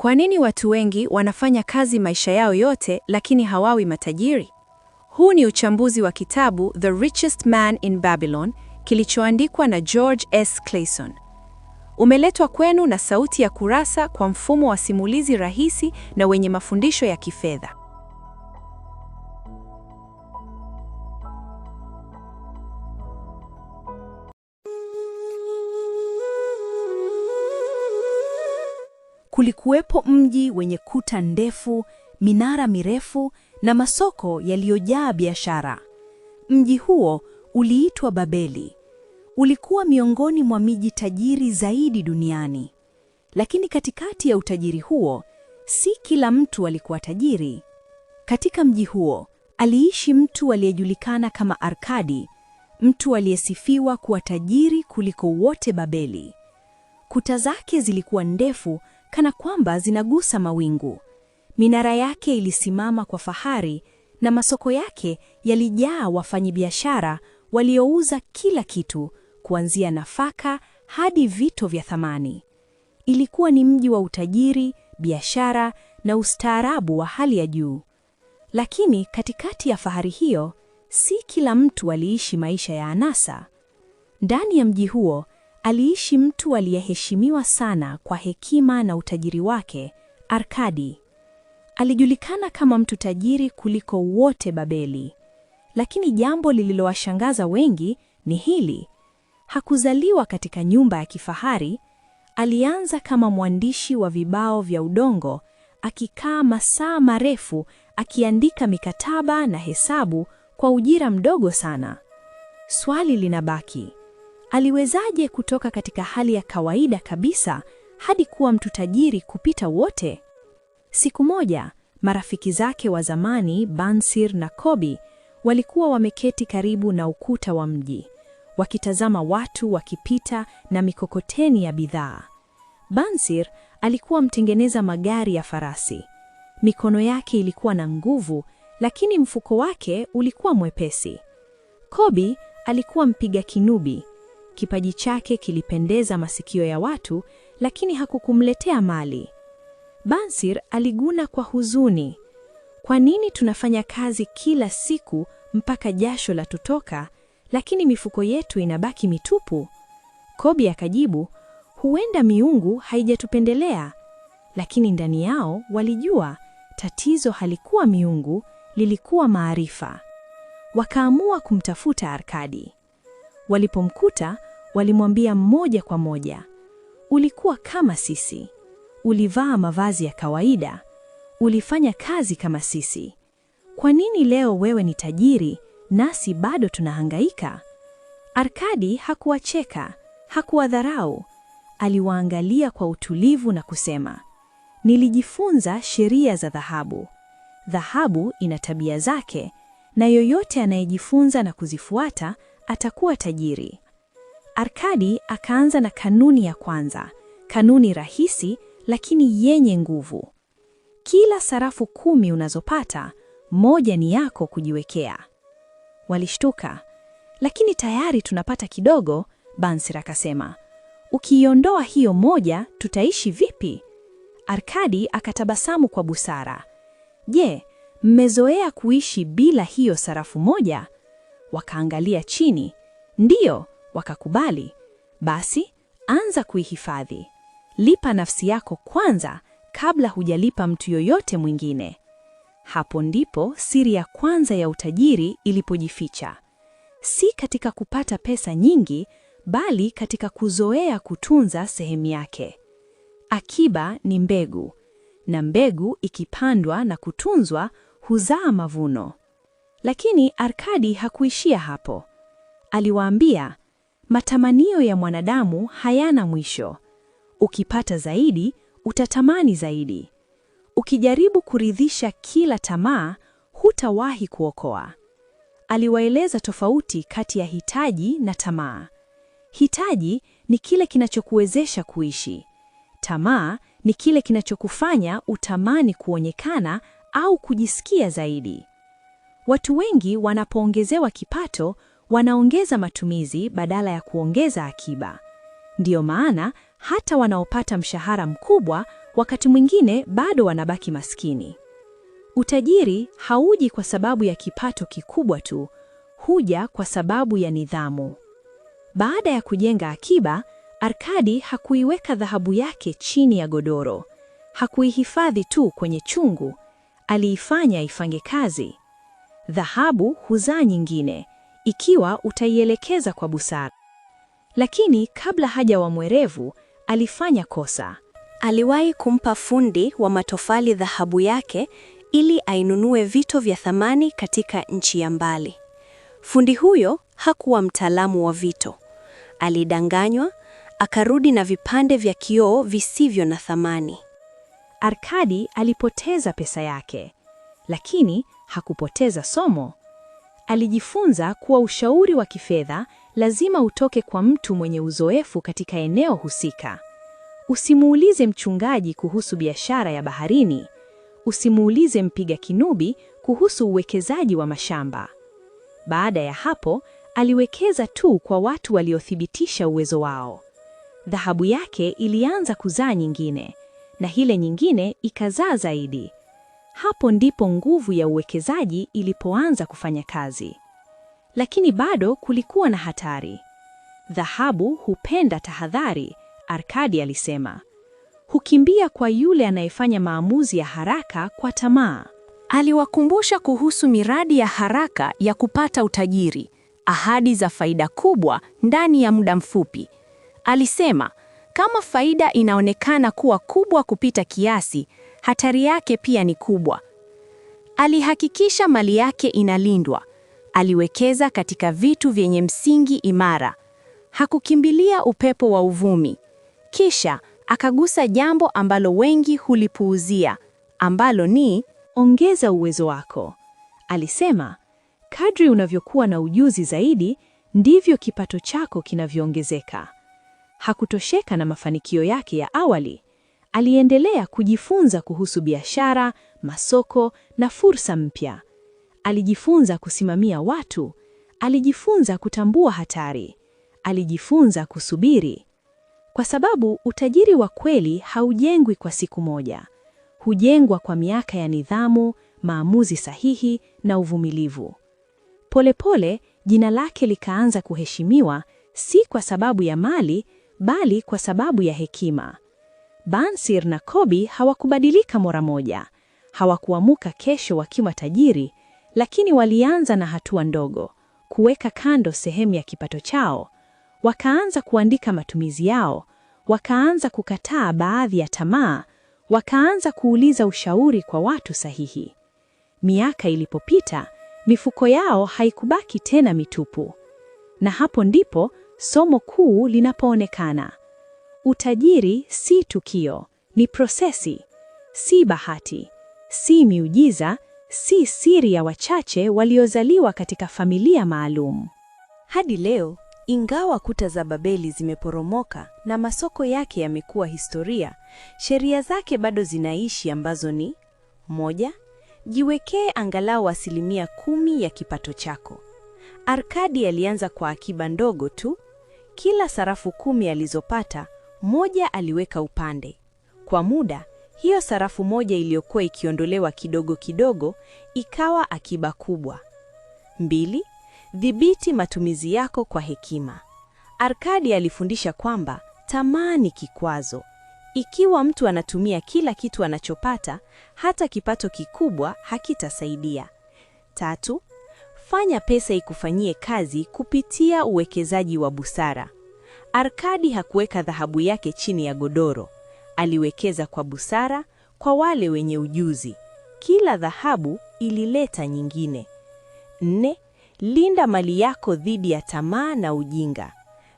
Kwa nini watu wengi wanafanya kazi maisha yao yote lakini hawawi matajiri? Huu ni uchambuzi wa kitabu The Richest Man in Babylon kilichoandikwa na George S. Clayson. Umeletwa kwenu na Sauti ya Kurasa kwa mfumo wa simulizi rahisi na wenye mafundisho ya kifedha. kulikuwepo mji wenye kuta ndefu, minara mirefu na masoko yaliyojaa biashara. Mji huo uliitwa Babeli. Ulikuwa miongoni mwa miji tajiri zaidi duniani. Lakini katikati ya utajiri huo, si kila mtu alikuwa tajiri. Katika mji huo aliishi mtu aliyejulikana kama Arkadi, mtu aliyesifiwa kuwa tajiri kuliko wote Babeli. Kuta zake zilikuwa ndefu kana kwamba zinagusa mawingu. Minara yake ilisimama kwa fahari na masoko yake yalijaa wafanyabiashara waliouza kila kitu, kuanzia nafaka hadi vito vya thamani. Ilikuwa ni mji wa utajiri, biashara na ustaarabu wa hali ya juu. Lakini katikati ya fahari hiyo, si kila mtu aliishi maisha ya anasa. Ndani ya mji huo aliishi mtu aliyeheshimiwa sana kwa hekima na utajiri wake, Arkadi. Alijulikana kama mtu tajiri kuliko wote Babeli. Lakini jambo lililowashangaza wengi ni hili. Hakuzaliwa katika nyumba ya kifahari, alianza kama mwandishi wa vibao vya udongo, akikaa masaa marefu akiandika mikataba na hesabu kwa ujira mdogo sana. Swali linabaki. Aliwezaje kutoka katika hali ya kawaida kabisa hadi kuwa mtu tajiri kupita wote? Siku moja, marafiki zake wa zamani Bansir na Kobi walikuwa wameketi karibu na ukuta wa mji, wakitazama watu wakipita na mikokoteni ya bidhaa. Bansir alikuwa mtengeneza magari ya farasi. Mikono yake ilikuwa na nguvu, lakini mfuko wake ulikuwa mwepesi. Kobi alikuwa mpiga kinubi, Kipaji chake kilipendeza masikio ya watu, lakini hakukumletea mali. Bansir aliguna kwa huzuni. Kwa nini tunafanya kazi kila siku mpaka jasho la tutoka, lakini mifuko yetu inabaki mitupu? Kobi akajibu, huenda miungu haijatupendelea. Lakini ndani yao walijua tatizo halikuwa miungu, lilikuwa maarifa. Wakaamua kumtafuta Arkadi. Walipomkuta walimwambia moja kwa moja, ulikuwa kama sisi, ulivaa mavazi ya kawaida, ulifanya kazi kama sisi. Kwa nini leo wewe ni tajiri nasi bado tunahangaika? Arkadi hakuwacheka, hakuwadharau. Aliwaangalia kwa utulivu na kusema, nilijifunza sheria za dhahabu. Dhahabu ina tabia zake, na yoyote anayejifunza na kuzifuata atakuwa tajiri. Arkadi akaanza na kanuni ya kwanza, kanuni rahisi lakini yenye nguvu. Kila sarafu kumi unazopata, moja ni yako kujiwekea. Walishtuka, lakini tayari tunapata kidogo, Bansir akasema. Ukiiondoa hiyo moja, tutaishi vipi? Arkadi akatabasamu kwa busara. Je, mmezoea kuishi bila hiyo sarafu moja? Wakaangalia chini, ndiyo, wakakubali. Basi anza kuihifadhi, lipa nafsi yako kwanza kabla hujalipa mtu yoyote mwingine. Hapo ndipo siri ya kwanza ya utajiri ilipojificha, si katika kupata pesa nyingi, bali katika kuzoea kutunza sehemu yake. Akiba ni mbegu, na mbegu ikipandwa na kutunzwa huzaa mavuno. Lakini Arkadi hakuishia hapo. Aliwaambia, matamanio ya mwanadamu hayana mwisho. Ukipata zaidi, utatamani zaidi. Ukijaribu kuridhisha kila tamaa, hutawahi kuokoa. Aliwaeleza tofauti kati ya hitaji na tamaa. Hitaji ni kile kinachokuwezesha kuishi. Tamaa ni kile kinachokufanya utamani kuonekana au kujisikia zaidi. Watu wengi wanapoongezewa kipato wanaongeza matumizi badala ya kuongeza akiba. Ndiyo maana hata wanaopata mshahara mkubwa wakati mwingine bado wanabaki maskini. Utajiri hauji kwa sababu ya kipato kikubwa tu, huja kwa sababu ya nidhamu. Baada ya kujenga akiba, Arkadi hakuiweka dhahabu yake chini ya godoro. Hakuihifadhi tu kwenye chungu, aliifanya ifange kazi dhahabu huzaa nyingine ikiwa utaielekeza kwa busara. Lakini kabla haja wa mwerevu, alifanya kosa. Aliwahi kumpa fundi wa matofali dhahabu yake ili ainunue vito vya thamani katika nchi ya mbali. Fundi huyo hakuwa mtaalamu wa vito. Alidanganywa, akarudi na vipande vya kioo visivyo na thamani. Arkadi alipoteza pesa yake, lakini hakupoteza somo. Alijifunza kuwa ushauri wa kifedha lazima utoke kwa mtu mwenye uzoefu katika eneo husika. Usimuulize mchungaji kuhusu biashara ya baharini. Usimuulize mpiga kinubi kuhusu uwekezaji wa mashamba. Baada ya hapo, aliwekeza tu kwa watu waliothibitisha uwezo wao. Dhahabu yake ilianza kuzaa nyingine na ile nyingine ikazaa zaidi. Hapo ndipo nguvu ya uwekezaji ilipoanza kufanya kazi. Lakini bado kulikuwa na hatari. Dhahabu hupenda tahadhari, Arkadi alisema. Hukimbia kwa yule anayefanya maamuzi ya haraka kwa tamaa. Aliwakumbusha kuhusu miradi ya haraka ya kupata utajiri, ahadi za faida kubwa ndani ya muda mfupi. Alisema, kama faida inaonekana kuwa kubwa kupita kiasi, hatari yake pia ni kubwa. Alihakikisha mali yake inalindwa. Aliwekeza katika vitu vyenye msingi imara. Hakukimbilia upepo wa uvumi. Kisha akagusa jambo ambalo wengi hulipuuzia, ambalo ni ongeza uwezo wako. Alisema, kadri unavyokuwa na ujuzi zaidi, ndivyo kipato chako kinavyoongezeka. Hakutosheka na mafanikio yake ya awali. Aliendelea kujifunza kuhusu biashara, masoko na fursa mpya. Alijifunza kusimamia watu, alijifunza kutambua hatari, alijifunza kusubiri. Kwa sababu utajiri wa kweli haujengwi kwa siku moja. Hujengwa kwa miaka ya nidhamu, maamuzi sahihi na uvumilivu. Polepole jina lake likaanza kuheshimiwa si kwa sababu ya mali bali kwa sababu ya hekima. Bansir na Kobi hawakubadilika mara moja. Hawakuamuka kesho wakiwa tajiri, lakini walianza na hatua ndogo, kuweka kando sehemu ya kipato chao. Wakaanza kuandika matumizi yao, wakaanza kukataa baadhi ya tamaa, wakaanza kuuliza ushauri kwa watu sahihi. Miaka ilipopita, mifuko yao haikubaki tena mitupu. Na hapo ndipo somo kuu linapoonekana. Utajiri si tukio, ni prosesi, si bahati, si miujiza, si siri ya wachache waliozaliwa katika familia maalum. Hadi leo, ingawa kuta za Babeli zimeporomoka na masoko yake yamekuwa historia, sheria zake bado zinaishi ambazo ni moja, jiwekee angalau asilimia kumi ya kipato chako. Arkadi alianza kwa akiba ndogo tu kila sarafu kumi alizopata, moja aliweka upande. Kwa muda, hiyo sarafu moja iliyokuwa ikiondolewa kidogo kidogo ikawa akiba kubwa. Mbili, dhibiti matumizi yako kwa hekima. Arkadi alifundisha kwamba tamaa ni kikwazo. Ikiwa mtu anatumia kila kitu anachopata, hata kipato kikubwa hakitasaidia. Tatu, Fanya pesa ikufanyie kazi kupitia uwekezaji wa busara. Arkadi hakuweka dhahabu yake chini ya godoro. Aliwekeza kwa busara kwa wale wenye ujuzi. Kila dhahabu ilileta nyingine. Nne, linda mali yako dhidi ya tamaa na ujinga.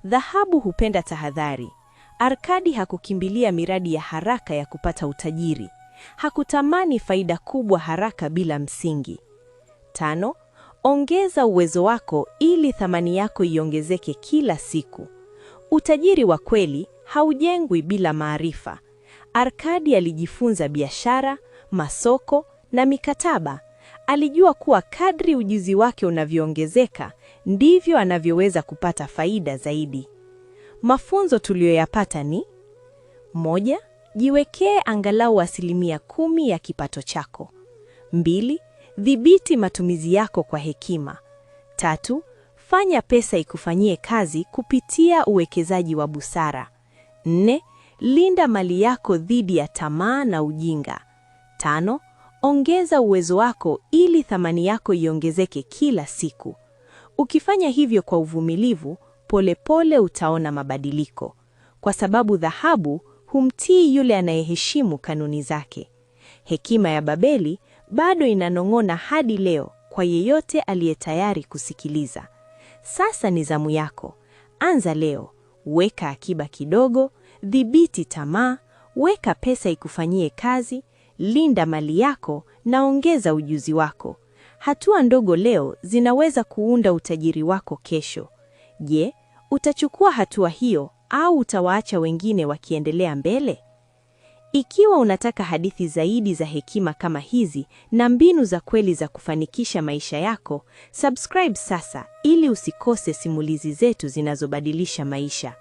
Dhahabu hupenda tahadhari. Arkadi hakukimbilia miradi ya haraka ya kupata utajiri. Hakutamani faida kubwa haraka bila msingi. Tano, Ongeza uwezo wako ili thamani yako iongezeke kila siku. Utajiri wa kweli haujengwi bila maarifa. Arkadi alijifunza biashara, masoko na mikataba. Alijua kuwa kadri ujuzi wake unavyoongezeka ndivyo anavyoweza kupata faida zaidi. Mafunzo tuliyoyapata ni moja, jiwekee angalau asilimia kumi ya kipato chako. Mbili, Dhibiti matumizi yako kwa hekima. Tatu, fanya pesa ikufanyie kazi kupitia uwekezaji wa busara. Nne, linda mali yako dhidi ya tamaa na ujinga. Tano, ongeza uwezo wako ili thamani yako iongezeke kila siku. Ukifanya hivyo kwa uvumilivu, polepole utaona mabadiliko, kwa sababu dhahabu humtii yule anayeheshimu kanuni zake. Hekima ya Babeli bado inanong'ona hadi leo kwa yeyote aliye tayari kusikiliza. Sasa ni zamu yako. Anza leo, weka akiba kidogo, dhibiti tamaa, weka pesa ikufanyie kazi, linda mali yako na ongeza ujuzi wako. Hatua ndogo leo zinaweza kuunda utajiri wako kesho. Je, utachukua hatua hiyo au utawaacha wengine wakiendelea mbele? Ikiwa unataka hadithi zaidi za hekima kama hizi na mbinu za kweli za kufanikisha maisha yako, subscribe sasa ili usikose simulizi zetu zinazobadilisha maisha.